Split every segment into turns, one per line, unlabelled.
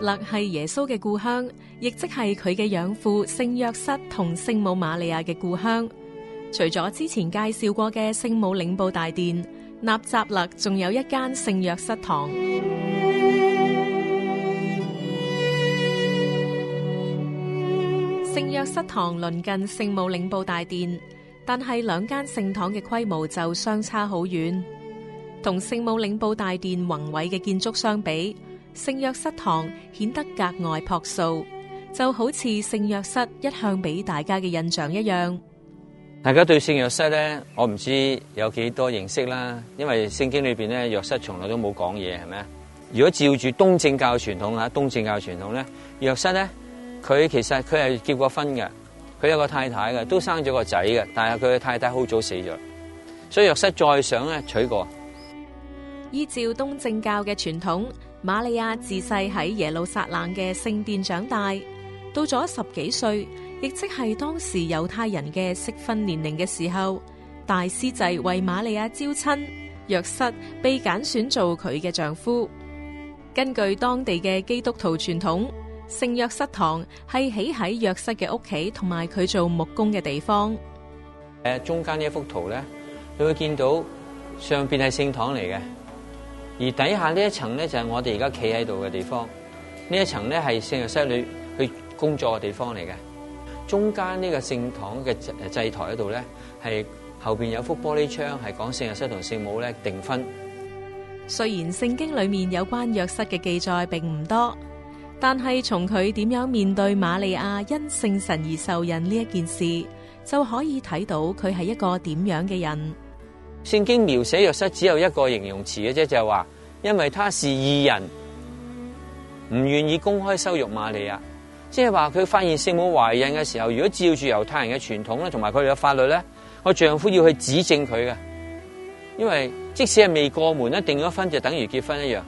勒係耶穌嘅故鄉，亦即係佢嘅養父聖約瑟同聖母瑪利亞嘅故鄉。除咗之前介紹過嘅聖母領報大殿，納扎勒仲有一間聖約瑟堂。聖約瑟堂鄰近聖母領報大殿，但係兩間聖堂嘅規模就相差好遠。同聖母領報大殿宏偉嘅建築相比，聖約瑟堂顯得格外樸素，就好似聖約瑟一向俾大家嘅印象一樣。
大家對聖約瑟咧，我唔知有幾多認識啦。因為聖經裏邊咧，約瑟從來都冇講嘢，係咪？如果照住東正教嘅傳統吓，東正教傳統咧，約瑟咧，佢其實佢係結過婚嘅，佢有個太太嘅，都生咗個仔嘅，但係佢嘅太太好早死咗，所以約瑟再想咧娶過。
依照東正教嘅傳統。瑪利亞自細喺耶路撒冷嘅聖殿長大，到咗十幾歲，亦即係當時猶太人嘅適婚年齡嘅時候，大司祭為瑪利亞招親，約瑟被揀選，選做佢嘅丈夫。根據當地嘅基督徒傳統，聖約瑟堂係起喺約瑟嘅屋企同埋佢做木工嘅地方。
誒，中間呢一幅圖咧，你會見到上邊係聖堂嚟嘅。而底下呢一層咧，就係我哋而家企喺度嘅地方。呢一層咧，係聖約瑟女去工作嘅地方嚟嘅。中間呢個聖堂嘅祭台嗰度咧，係後邊有幅玻璃窗，係講聖約瑟同聖母咧訂婚。
雖然聖經裏面有關約瑟嘅記載並唔多，但係從佢點樣面對瑪利亞因聖神而受孕呢一件事，就可以睇到佢係一個點樣嘅人。
聖經描寫約瑟，只有一個形容詞嘅啫，就係話，因為他是義人，唔願意公開羞辱瑪利亞，即係話佢發現聖母懷孕嘅時候，如果照住猶太人嘅傳統咧，同埋佢哋嘅法律咧，我丈夫要去指證佢嘅，因為即使係未過門咧，訂咗婚就等於結婚一樣，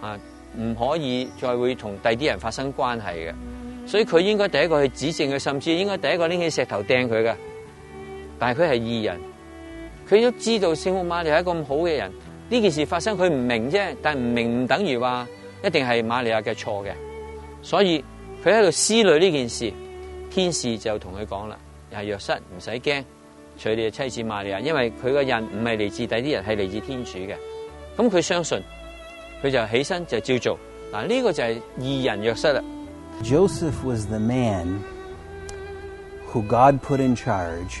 啊，唔可以再會同第啲人發生關係嘅，所以佢應該第一個去指證佢，甚至應該第一個拎起石頭掟佢嘅，但係佢係義人。佢都知道聖母瑪利亞係一個咁好嘅人，呢件事發生佢唔明啫，但係唔明唔等於話一定係瑪利亞嘅錯嘅，所以佢喺度思慮呢件事，天使就同佢講啦，又係若瑟唔使驚，娶你嘅妻子瑪利亞，因為佢個人唔係嚟自第啲人，係嚟自天主嘅，咁佢相信，佢就起身就照做，嗱、這、呢個就係義人若瑟啦。Joseph was the man who God put in charge.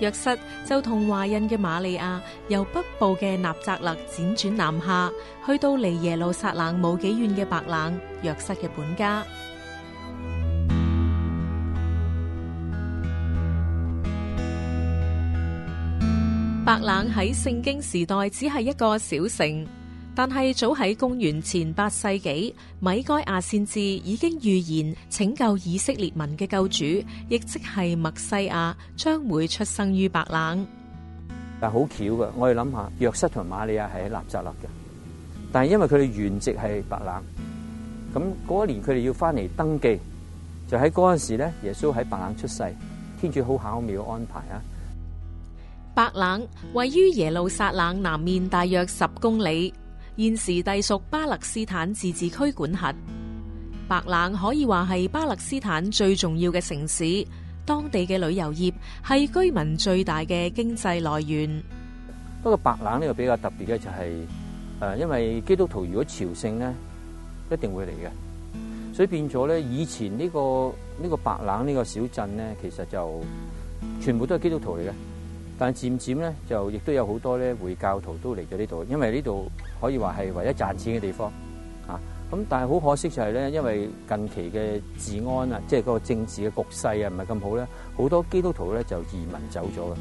約瑟就同懷孕嘅瑪利亞，由北部嘅納扎勒輾轉南下，去到離耶路撒冷冇幾遠嘅白冷。約瑟嘅本家， 白冷喺聖經時代只係一個小城。但係早喺公元前八世紀，米該亞先知已經預言拯救以色列民嘅救主，亦即係默西亞，將會出生於白冷。
但係好巧噶，我哋諗下，約瑟同瑪利亞係喺納扎勒嘅，但係因為佢哋原籍係白冷，咁嗰一年佢哋要翻嚟登記，就喺嗰陣時咧，耶穌喺白冷出世，天主好巧妙安排啊！
白冷位於耶路撒冷南面大約十公里。現時隸屬巴勒斯坦自治區管轄，白冷可以話係巴勒斯坦最重要嘅城市，當地嘅旅遊業係居民最大嘅經濟來源。
不過白冷呢個比較特別嘅就係，誒，因為基督徒如果朝聖咧，一定會嚟嘅，所以變咗咧，以前呢個呢個白冷呢個小鎮咧，其實就全部都係基督徒嚟嘅。但係漸漸咧，就亦都有好多咧回教徒都嚟咗呢度，因為呢度可以話係唯一賺錢嘅地方啊。咁但係好可惜就係咧，因為近期嘅治安啊，即係個政治嘅局勢啊，唔係咁好咧，好多基督徒咧就移民走咗嘅。誒、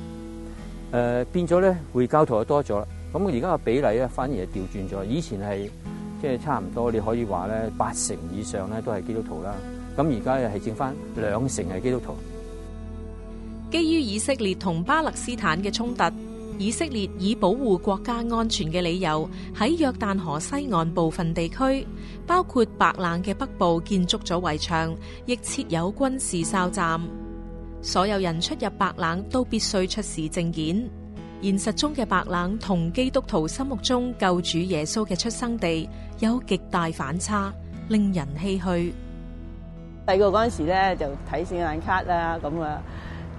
呃、變咗咧，回教徒就多咗啦。咁而家嘅比例咧，反而係調轉咗，以前係即係差唔多，你可以話咧八成以上咧都係基督徒啦。咁而家又係剩翻兩成係基督徒。
基於以色列同巴勒斯坦嘅衝突，以色列以保護國家安全嘅理由，喺約旦河西岸部分地區，包括白冷嘅北部，建築咗圍牆，亦設有軍事哨站。所有人出入白冷都必須出示證件。現實中嘅白冷同基督徒心目中救主耶穌嘅出生地有極大反差，令人唏噓。細個嗰陣時咧，
就睇閃眼卡啦咁啊。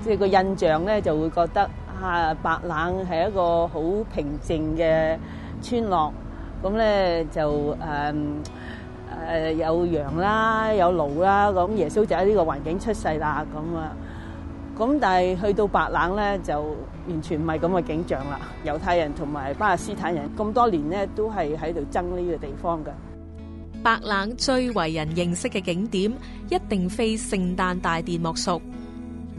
即係個印象咧，就會覺得啊，白冷係一個好平靜嘅村落。咁咧就誒誒、呃呃、有羊啦，有驢啦，咁耶穌就喺呢個環境出世啦。咁啊，咁但係去到白冷咧，就完全唔係咁嘅景象啦。猶太人同埋巴勒斯坦人咁多年咧，都係喺度爭呢個地
方嘅。白冷最為人認識嘅景點，一定非聖誕大殿莫屬。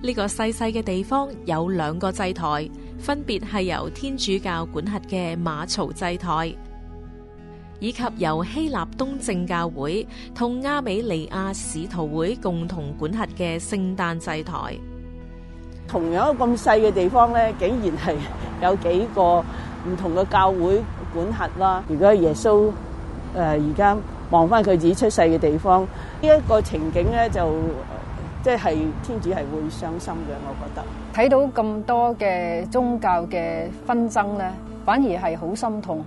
呢個細細嘅地方有兩個祭台，分別係由天主教管轄嘅馬槽祭台，以及由希臘東正教會同亞美尼亞使徒會共同管轄嘅聖誕祭台。同樣咁細嘅地方咧，竟然係有
幾個唔同嘅教會管轄啦。如果耶穌誒而家望翻佢自己出世嘅地方，呢一個情景咧就。即係天主係會傷心嘅，我覺得
睇到咁多嘅宗教嘅紛爭呢，反而係好心痛。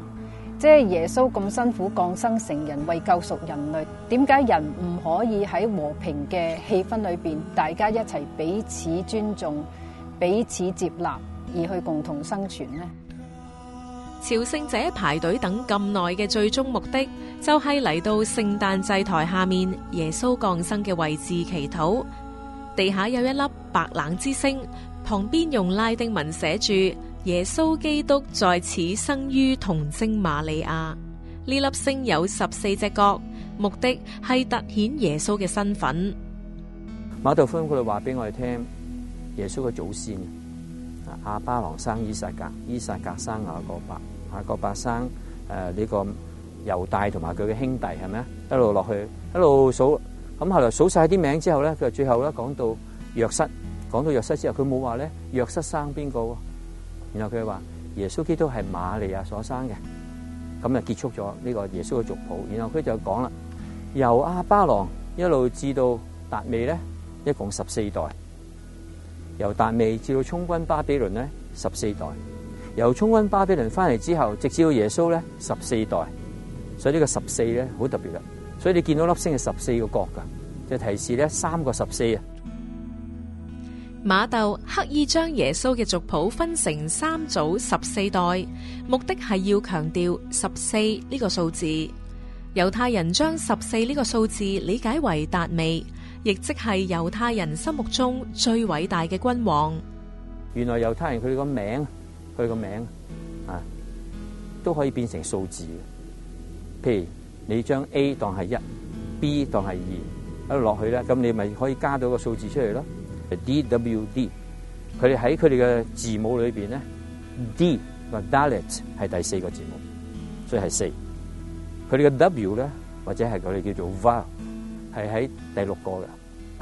即係耶穌咁辛苦降生成人為救贖人類，點解人唔可以喺和平嘅氣氛裏邊，大家一齊彼此尊重、彼此接納，而去共同生存呢？
朝聖者排隊等咁耐嘅最終目的，就係嚟到聖誕祭台下面耶穌降生嘅位置祈禱。地下有一粒白冷之星，旁邊用拉丁文寫住耶穌基督在此生於童貞瑪利亞。呢粒星有十四隻角，目的係突顯耶穌嘅身份。
馬竇分佢哋話俾我哋聽，耶穌嘅祖先阿巴郎生伊撒格，伊撒格生雅各伯，雅各伯生誒呢個猶大同埋佢嘅兄弟係咩？一路落去，一路數。咁後來數晒啲名之後咧，佢最後咧講到約瑟，講到約瑟之後，佢冇話咧約瑟生邊個，然後佢話耶穌基督係瑪利亞所生嘅，咁就結束咗呢個耶穌嘅族譜。然後佢就講啦，由亞巴郎一路至到達味咧，一共十四代；由達味至到充軍巴比倫咧，十四代；由充軍巴比倫翻嚟之後，直至到耶穌咧，十四代。所以呢個十四咧，好特別噶。所以你見到粒星係十四個角噶，就是、提示咧三個十四啊。
馬竇刻意將耶穌嘅族譜分成三組十四代，目的係要強調十四呢個數字。猶太人將十四呢個數字理解為達味，亦即係猶太人心目中最偉大嘅君王。
原來猶太人佢個名，佢個名啊，都可以變成數字嘅，譬如，你將 A 當係一，B 當係二，一路落去咧，咁你咪可以加到個數字出嚟咯。D W D，佢哋喺佢哋嘅字母裏邊咧，D 或 Dalet 係係第四個字母，所以係四。佢哋嘅 W 咧，或者係佢哋叫做 V，係喺第六個嘅。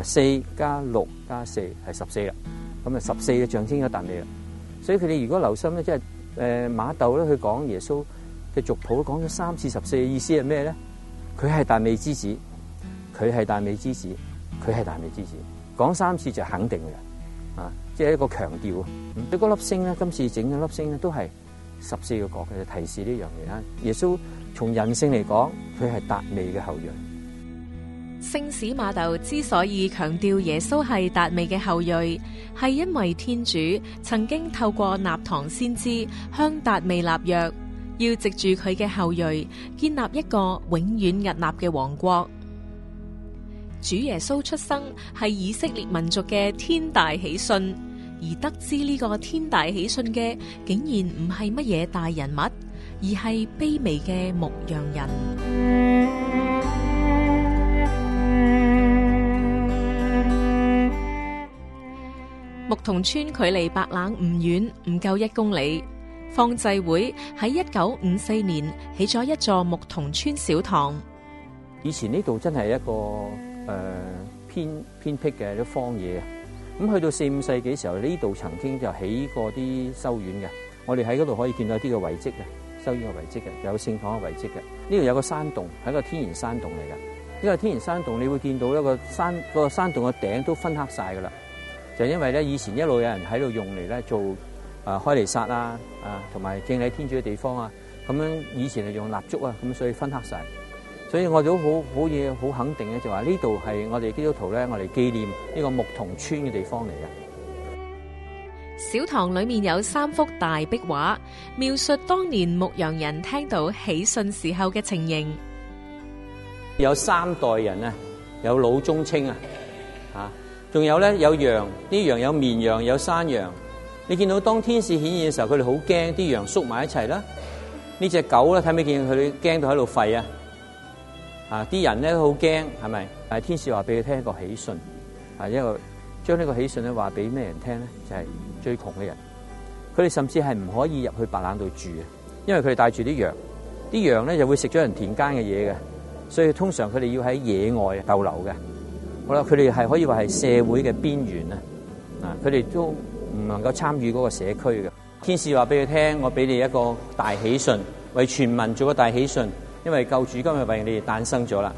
四加六加四係十四啦，咁啊十四嘅象徵咗笪地啦。所以佢哋如果留心咧，即係誒、呃、馬竇咧去講耶穌。佢族譜講咗三次十四嘅意思係咩咧？佢係達味之子，佢係達味之子，佢係達味之子。講三次就肯定嘅，啊，即係一個強調。佢嗰粒星咧，今次整咗粒星咧都係十四個角嘅，提示呢樣嘢啦。耶穌從人性嚟講，佢係達味嘅後裔。
聖史瑪竇之所以強調耶穌係達味嘅後裔，係因為天主曾經透過納堂先知向達味立約。要藉住佢嘅後裔，建立一個永遠屹立嘅王國。主耶穌出生係以色列民族嘅天大喜訊，而得知呢個天大喜訊嘅，竟然唔係乜嘢大人物，而係卑微嘅牧羊人。牧童村距離白冷唔遠，唔夠一公里。方濟會喺一九五四年起咗一座牧童村小堂。
以前呢度真係一個誒、呃、偏偏僻嘅啲荒野，咁、嗯、去到四五世紀嘅時候，呢度曾經就起過啲修院嘅。我哋喺嗰度可以見到一啲嘅遺迹嘅，修院嘅遺迹嘅，有聖堂嘅遺迹嘅。呢度有個山洞，係個天然山洞嚟嘅。呢個天然山洞，你會見到一個山一個山洞嘅頂都分黑晒噶啦，就是、因為咧以前一路有人喺度用嚟咧做。啊，開嚟殺啊！啊，同埋敬禮天主嘅地方啊，咁樣以前係用蠟燭啊，咁所以分黑晒，所以我都好好嘢，好肯定咧就話呢度係我哋基督徒咧，我哋紀念呢個牧童村嘅地方嚟嘅。
小堂裏面有三幅大壁畫，描述當年牧羊人聽到喜訊時候嘅情形。
有三代人啊，有老中青啊，吓，仲有咧有羊，啲羊有綿羊，有山羊。你見到當天使顯現嘅時候，佢哋好驚，啲羊縮埋一齊啦。呢隻狗咧，睇未見佢哋驚到喺度吠啊！啊，啲人咧好驚，係咪？但天使話俾佢聽一個喜訊，啊，因為將呢個喜訊咧話俾咩人聽咧？就係、是、最窮嘅人。佢哋甚至係唔可以入去白冷度住嘅，因為佢哋帶住啲羊，啲羊咧就會食咗人田間嘅嘢嘅，所以通常佢哋要喺野外逗留嘅。好啦，佢哋係可以話係社會嘅邊緣啊！啊，佢哋都。唔能夠參與嗰個社區嘅，天使話俾佢聽，我俾你一個大喜訊，為全民做個大喜訊，因為救主今日為你哋誕生咗啦。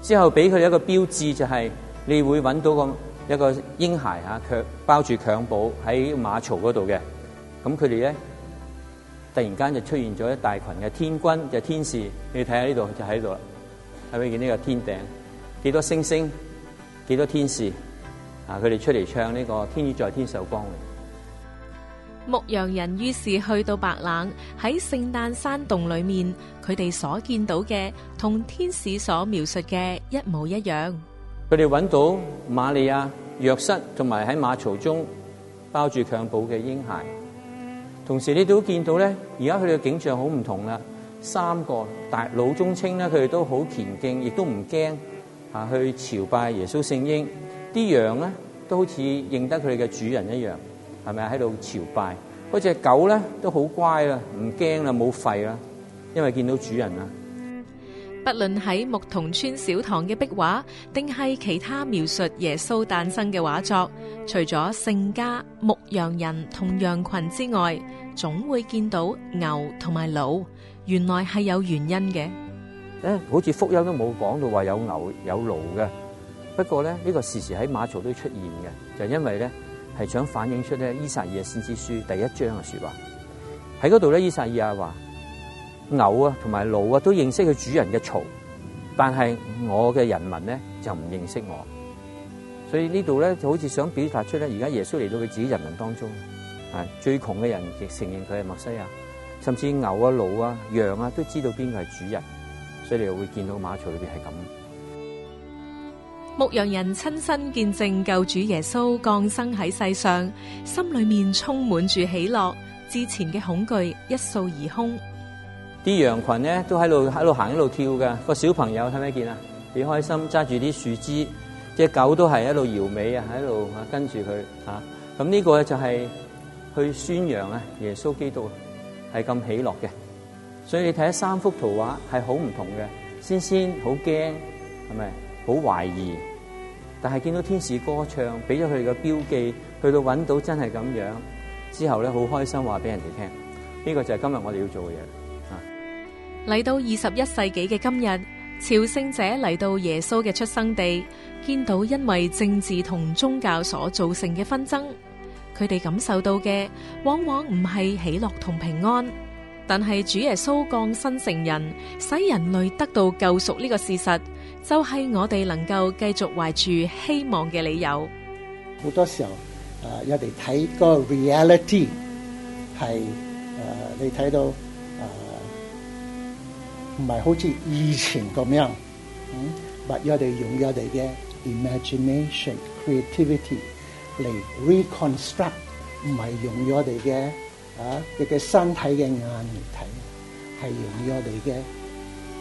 之後俾佢一個標誌，就是，就係你會揾到個一個嬰孩啊，強包住襁褓喺馬槽嗰度嘅。咁佢哋咧突然間就出現咗一大群嘅天軍，就是，天使。你睇下呢度就喺度啦，係咪見呢個天頂？幾多星星？幾多天使？啊！佢哋出嚟唱呢、這個《天主在天受光
牧羊人於是去到白冷，喺聖誕山洞裏面，佢哋所見到嘅同天使所描述嘅一模一樣。
佢哋揾到瑪利亞藥室、若瑟同埋喺馬槽中包住襁褓嘅嬰孩。同時你都見到咧，而家佢哋嘅景象好唔同啦。三個大老中青咧，佢哋都好虔敬，亦都唔驚啊去朝拜耶穌聖嬰。啲羊咧都好似認得佢哋嘅主人一樣。係咪啊？喺度朝拜，嗰隻狗咧都好乖啊，唔驚啦，冇吠啦，因為見到主人啦。
不論喺牧童村小堂嘅壁畫，定係其他描述耶穌誕生嘅畫作，除咗聖家、牧羊人同羊群之外，總會見到牛同埋驢。原來係有原因嘅。
誒，好似福音都冇講到話有牛有驢嘅，不過咧呢個時時喺馬槽都出現嘅，就因為咧。係想反映出咧《以撒二先知書》第一章嘅說話，喺嗰度咧，伊撒二啊話牛啊同埋驢啊都認識佢主人嘅槽，但係我嘅人民咧就唔認識我，所以呢度咧就好似想表達出咧，而家耶穌嚟到佢自己人民當中，啊最窮嘅人亦承認佢係墨西亞，甚至牛啊驢啊羊啊都知道邊個係主人，所以你又會見到馬槽裏面係咁。
牧羊人親身見證救主耶穌降生喺世上，心裏面充滿住喜樂，之前嘅恐懼一掃而空。
啲羊群咧都喺度喺度行喺度跳㗎，個小朋友睇唔睇見啊？幾開心，揸住啲樹枝，隻狗都係喺度搖尾啊，喺度跟住佢啊。咁呢個就係去宣揚啊，耶穌基督係咁喜樂嘅。所以你睇下三幅圖畫係好唔同嘅，先先好驚係咪？好懷疑，但係見到天使歌唱，俾咗佢哋嘅標記，去到搵到真係咁樣之後咧，好開心話俾人哋聽。呢個就係今日我哋要做嘅嘢。
嚟到二十一世紀嘅今日，朝聖者嚟到耶穌嘅出生地，見到因為政治同宗教所造成嘅紛爭，佢哋感受到嘅往往唔係喜樂同平安，但係主耶穌降生成人，使人類得到救贖呢個事實，就係我哋能夠繼續懷住希望嘅理由。
好多時候，誒，我哋睇個 reality 係誒，你睇到誒，唔係好似以前咁樣。嗯，或者我哋用我哋嘅 imagination、creativity 嚟 reconstruct，唔係用我哋嘅啊，你嘅身體嘅眼嚟睇，係用我哋嘅。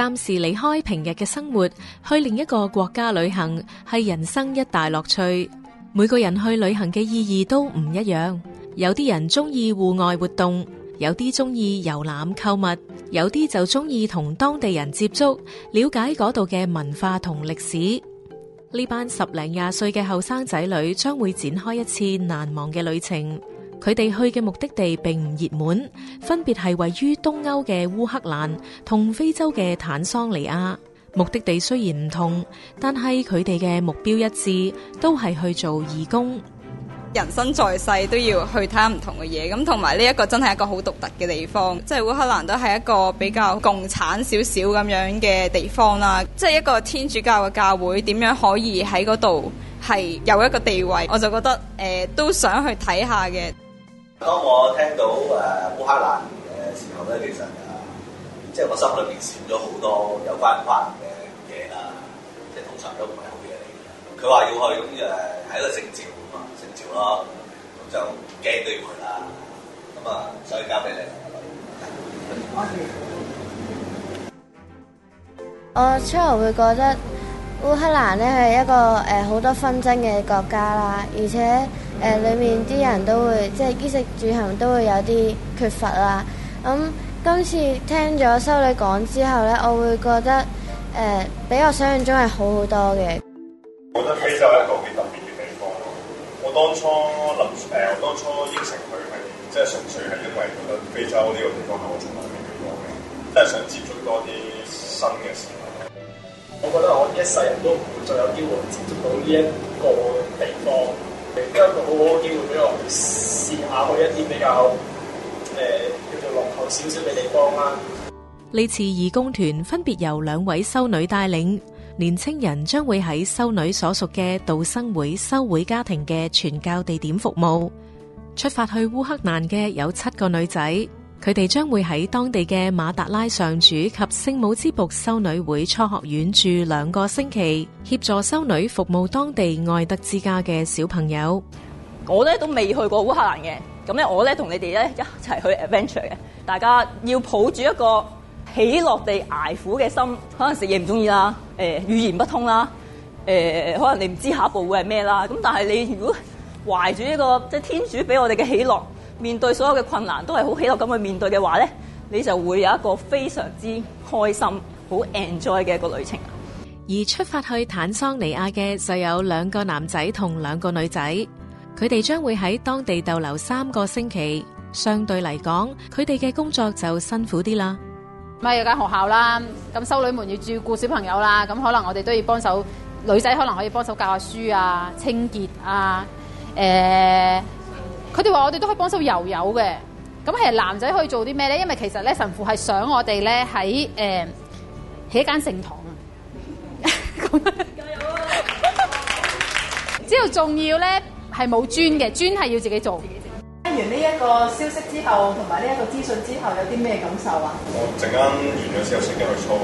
暫時離開平日嘅生活，去另一個國家旅行，係人生一大樂趣。每個人去旅行嘅意義都唔一樣，有啲人中意戶外活動，有啲中意遊覽購物，有啲就中意同當地人接觸，了解嗰度嘅文化同歷史。呢班十零廿歲嘅後生仔女將會展開一次難忘嘅旅程。佢哋去嘅目的地並唔熱門，分別係位於東歐嘅烏克蘭同非洲嘅坦桑尼亞。目的地雖然唔同，但係佢哋嘅目標一致，都係去做義工。人生在
世都要去睇下唔同嘅嘢，咁同埋呢一個真係一個好獨特嘅地方。即係烏克蘭都係一個比較共產少少咁樣嘅地方啦，即係一個天主教嘅教會點樣可以喺嗰度，係有一個地位，我就覺得誒、呃、都想去睇下嘅。
當我聽到誒烏克蘭嘅時候咧，其實誒即係我心裏面閃咗好多有關烏克蘭嘅嘢啦，即係通常都唔係好嘢嚟嘅。佢話要去咁就係一個徵召啊嘛，徵召咯，咁就驚對佢啦。咁啊，所以交俾你。的我初頭會覺得烏克蘭咧係一個誒好多紛爭嘅國家啦，而且。誒，裡面啲人都會即係衣食住行都會有啲缺乏啦。咁今次聽咗修女講之後咧，我會覺得誒、呃，比我想象中係好好
多嘅。我覺得非洲係一個幾特別嘅地方咯。我當初諗誒，我當
初應承佢係即係純粹係因為覺得非洲呢個地方係我從來未去過嘅，
即係想接觸多啲新嘅事
物。我覺得我一世人都唔會再有機會接觸到呢一個地方。嘗嘗，一個好好機會俾我試下去一啲比較誒、叫做落後少少嘅地方
啦。呢次義工團分別由兩位修女帶領，年青人將會喺修女所屬嘅道生會修會家庭嘅傳教地點服務。出發去烏克蘭嘅有七個女仔。佢哋將會喺當地嘅馬達拉上主及聖母之僕修女會初學院住兩個星期，協助修女服務當地愛德之家嘅小朋友。我咧都未
去過烏克蘭嘅，咁咧我咧同你哋咧一齊去 adventure 嘅。大家要抱住一個喜樂地捱苦嘅心，可能食嘢唔中意啦，誒、呃、語言不通啦，誒、呃、可能你唔知下一步會係咩啦。咁但係你如果懷住一個即係天主俾我哋嘅喜樂。面對所有嘅困難都係好喜樂咁去面對嘅話呢，你就會有一個非常之開心、好 enjoy 嘅一個旅程。而
出發去坦桑尼亞嘅就有兩個男仔同兩個女仔，佢哋將會喺當地逗留三個星期。相對嚟講，佢哋嘅工作就辛苦啲啦。
咪有間學校啦，咁修女們要照顧小朋友啦，咁可能我哋都要幫手。女仔可能可以幫手教下書啊、清潔啊，誒、呃。佢哋話我哋都可以幫手遊遊嘅，咁其實男仔可以做啲咩咧？因為其實咧神父係想我哋咧喺誒起一間聖堂， 加油啊！之 後仲要咧係冇磚嘅，磚係要自己做。
聽完呢一個消息之後，同埋呢一個資訊之後，有啲咩感受啊？我陣間完咗消息繼續操，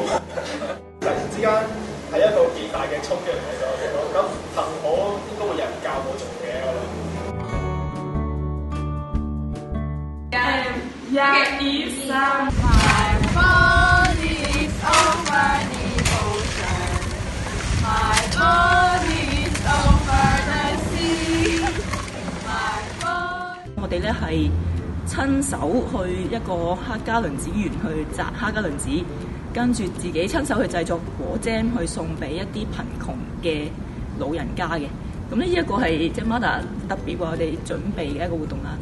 突然之間係一個幾大嘅衝擊嚟
到，咁
我哋咧係親手去一個黑加侖子園去摘黑加侖子，跟住自己親手去製作果醬，去送俾一啲貧窮嘅老人家嘅。咁呢一個係即係 Mother 特別為我哋準備嘅一個活動啦。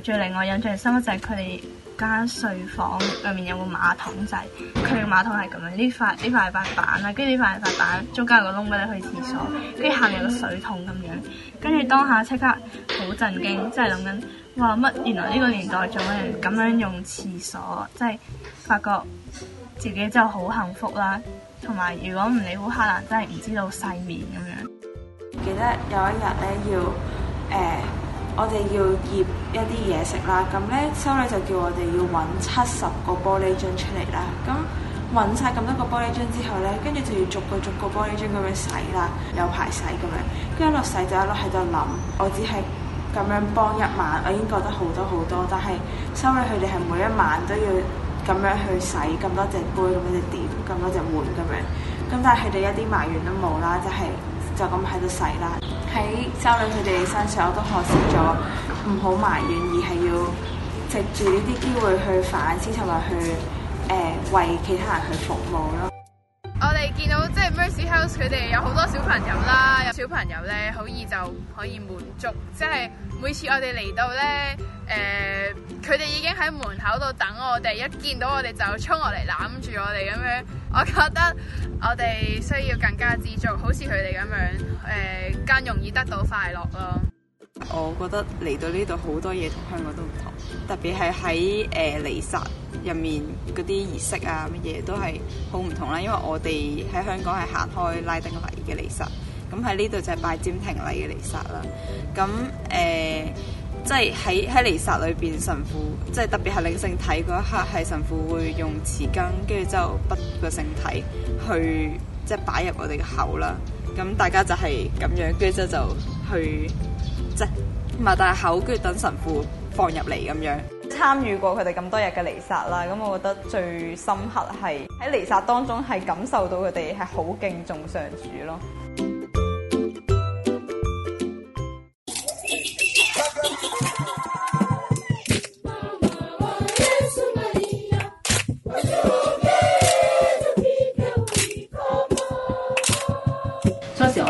最令我印象深刻就係佢哋間睡房入面有個馬桶仔，佢、就、嘅、是、馬桶係咁樣，呢塊呢塊白板啦，跟住呢塊白板，塊板中間有個窿畀你去廁所，跟住下面有個水桶咁樣，跟住當下即刻好震驚，即係諗緊，哇乜原來呢個年代仲有人咁樣用廁所，即、就、係、是、發覺自己真係好幸福啦，同埋如果唔理烏克蘭真係唔知道世面咁樣。記得有一日咧要誒。呃我哋要醃一啲嘢食啦，咁呢，修女就叫我哋要揾七十個玻璃樽出嚟啦。咁揾晒咁多個玻璃樽之後呢，跟住就要逐個逐個玻璃樽咁樣洗啦，有排洗咁樣。跟住一路洗就一路喺度諗，我只係咁樣幫一晚，我已經覺得好多好多。但係修女佢哋係每一晚都要咁樣去洗咁多隻杯咁樣嘅碟，咁多隻碗咁樣。咁但係佢哋一啲埋怨都冇啦，就係、是。就咁喺度洗啦，喺周女佢哋身上我都學識咗唔好埋怨，而係要藉住呢啲機會去反思，同埋去誒、呃、為其他人去服務咯。我哋見到即係 Mercy House 佢哋有好多小朋友啦，有小朋友咧好易就可以滿足，即係每次我哋嚟到咧。誒，佢哋、呃、已經喺門口度等我哋，一見到我哋就衝落嚟攬住我哋咁樣。我覺得我哋需要更加知足，好似佢哋咁樣誒、呃，更容易得到快樂咯。我覺得嚟到呢度好多嘢同香港都唔同，特別係喺誒彌撒入面嗰啲儀式啊乜嘢都係好唔同啦。因為我哋喺香港係行開拉丁禮嘅彌撒，咁喺呢度就係拜占庭禮嘅彌撒啦。咁誒。呃即係喺喺彌撒裏邊，神父即係、就是、特別係領聖體嗰一刻，係神父會用匙羹，跟住之後畢個聖體去，去即係擺入我哋嘅口啦。咁大家就係咁樣，跟住之後就去即係擘大口，跟住等神父放入嚟咁樣。參與過佢哋咁多日嘅彌撒啦，咁我覺得最深刻係喺彌撒當中係感受到佢哋係好敬重上主咯。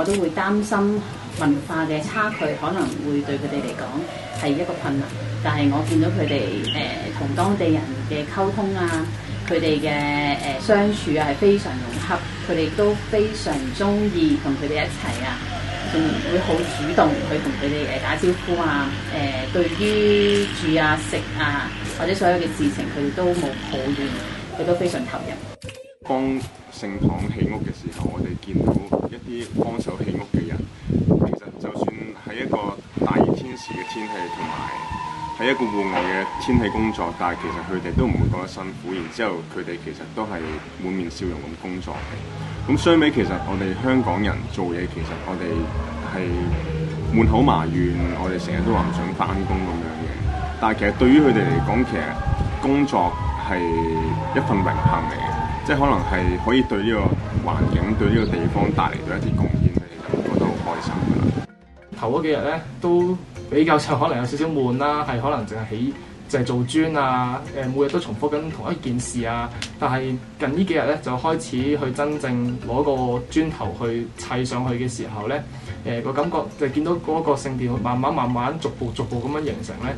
我都會擔心文化嘅差距可能會對佢哋嚟講係一個困難，但係我見到佢哋誒同當地人嘅溝通啊，佢哋嘅誒相處啊係非常融洽，佢哋都非常中意同佢哋一齊啊，仲會好主動去同佢哋誒打招呼啊，誒、呃、對
於住
啊食啊或者所有嘅事情，佢哋都冇抱怨，佢都非常投入。
當聖堂起屋嘅時候，我哋見到。一啲幫手起屋嘅人，其實就算係一個大熱天時嘅天氣同埋係一個戶外嘅天氣工作，但係其實佢哋都唔會覺得辛苦。然之後，佢哋其實都係滿面笑容咁工作嘅。咁相比其實我哋香港人做嘢，其實我哋係滿口埋怨，我哋成日都話唔想返工咁樣嘅。但係其實對於佢哋嚟講，其實工作係一份榮幸嚟嘅，即係可能係可以對呢個。環境對呢個地方帶嚟咗一啲貢獻畀你，就覺得好開心㗎喇。頭嗰幾日咧都比較上，可能有少少悶啦，係可能淨係起，就係、係、做磚啊。誒，每日都重複緊同一件事啊。但係近呢幾日咧，就開始去真正攞個磚頭去砌上去嘅時候咧，誒、呃、個感覺就見到嗰個聖殿慢慢慢慢逐步逐步咁樣形成咧，誒、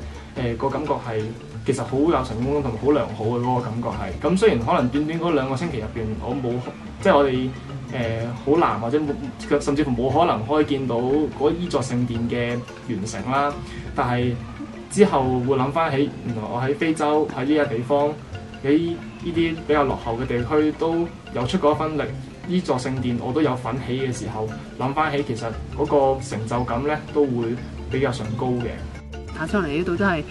呃、個感覺係。其實好有成功感同好良好嘅嗰個感覺係。咁雖然可能短短嗰兩個星期入邊，我冇即係我哋誒，好難或者甚至乎冇可能可以見到嗰依座聖殿嘅完成啦，但係之後會諗翻起，原來我喺非洲喺呢一地方喺呢啲比較落後嘅地區都有出過一分力，依座聖殿我都有份起嘅時候，諗翻起其實嗰個成就感咧都會比較上高嘅。
睇出嚟呢度真係～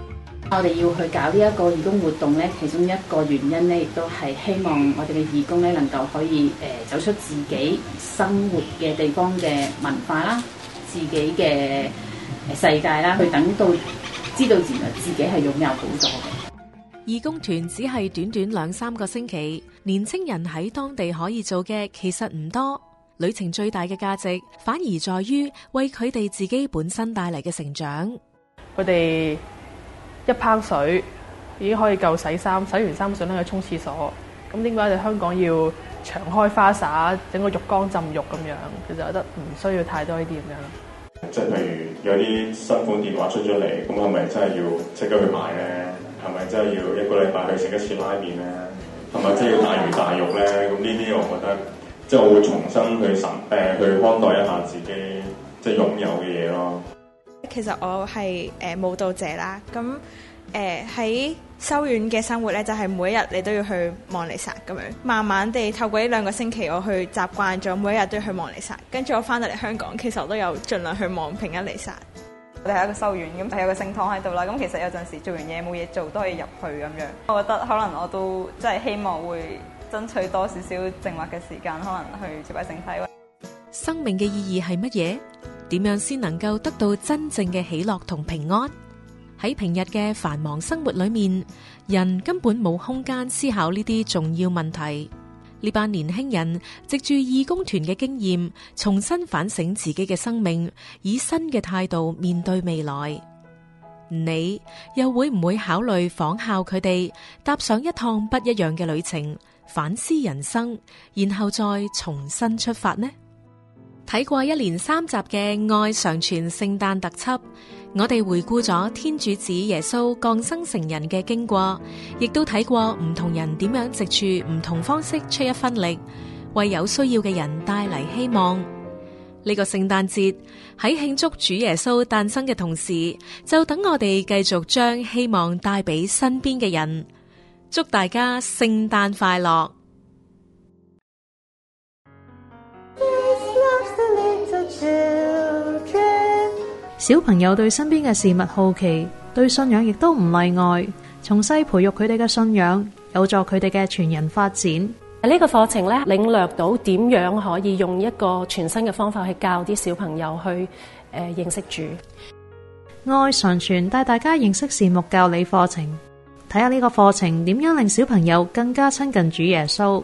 我哋要去搞呢一個義工活動咧，其中一個原因咧，亦都係希望我哋嘅義工咧，能夠可以誒走出自己生活嘅地方嘅文化啦，自己嘅世界啦，去等到知道原來自己係擁有好多嘅。義工團只係短短兩三個星期，年青人喺當地可以做嘅其實唔多，旅程最大嘅價值反而在於為佢哋自己本身帶嚟嘅成長。佢哋。一泡水已經可以夠洗衫，洗完衫上咧去沖廁所。
咁點解我哋香港要長開花灑，整個浴缸浸浴咁樣？其實我覺得唔需要太多呢啲咁樣。
即係譬如有啲新款電話出咗嚟，咁係咪真係要即刻去買咧？係咪真係要一個禮拜去食一次拉麵咧？係咪真係要大魚大肉咧？咁呢啲我覺得，即係我會重新去審，呃，去看待一下自己，即係擁有嘅嘢咯。
其實我係誒、呃、舞蹈者啦，咁誒喺修院嘅生活咧，就係、是、每一日你都要去望彌撒咁樣。慢慢地透過呢兩個星期，我去習慣咗，每一日都要去望彌撒。跟住我翻到嚟香港，其實我都有盡量去望平一彌撒。我哋係一個修院咁，係有一個聖堂喺度啦。咁其實有陣時做完嘢冇嘢做，都可以入去咁樣。我覺得可能我都真係希望會爭取多少少靜默嘅時間，可能去接下聖體。
生命嘅意義係乜嘢？點樣先能夠得到真正嘅喜樂同平安？喺平日嘅繁忙生活裏面，人根本冇空間思考呢啲重要問題。呢班年輕人藉住義工團嘅經驗，重新反省自己嘅生命，以新嘅態度面對未來。你又會唔會考慮仿效佢哋，踏上一趟不一樣嘅旅程，反思人生，然後再重新出發呢？睇過一連三集嘅《愛常傳聖誕特輯》，我哋回顧咗天主子耶穌降生成人嘅經過，亦都睇過唔同人點樣藉住唔同方式出一分力，為有需要嘅人帶嚟希望。呢個聖誕節喺慶祝主耶穌誕生嘅同時，就等我哋繼續將希望帶俾身邊嘅人。祝大家聖誕快樂！小朋友對身邊嘅事物好奇，對信仰亦都唔例外。從細培育佢哋嘅信仰，有助佢哋嘅全人發展。呢個課程咧，領略到點樣可以用一個全新嘅方法去教啲小朋友去誒認識主愛上傳，帶大家認識善牧教理課程，睇下呢個課程點樣令小朋友更加親近主耶穌。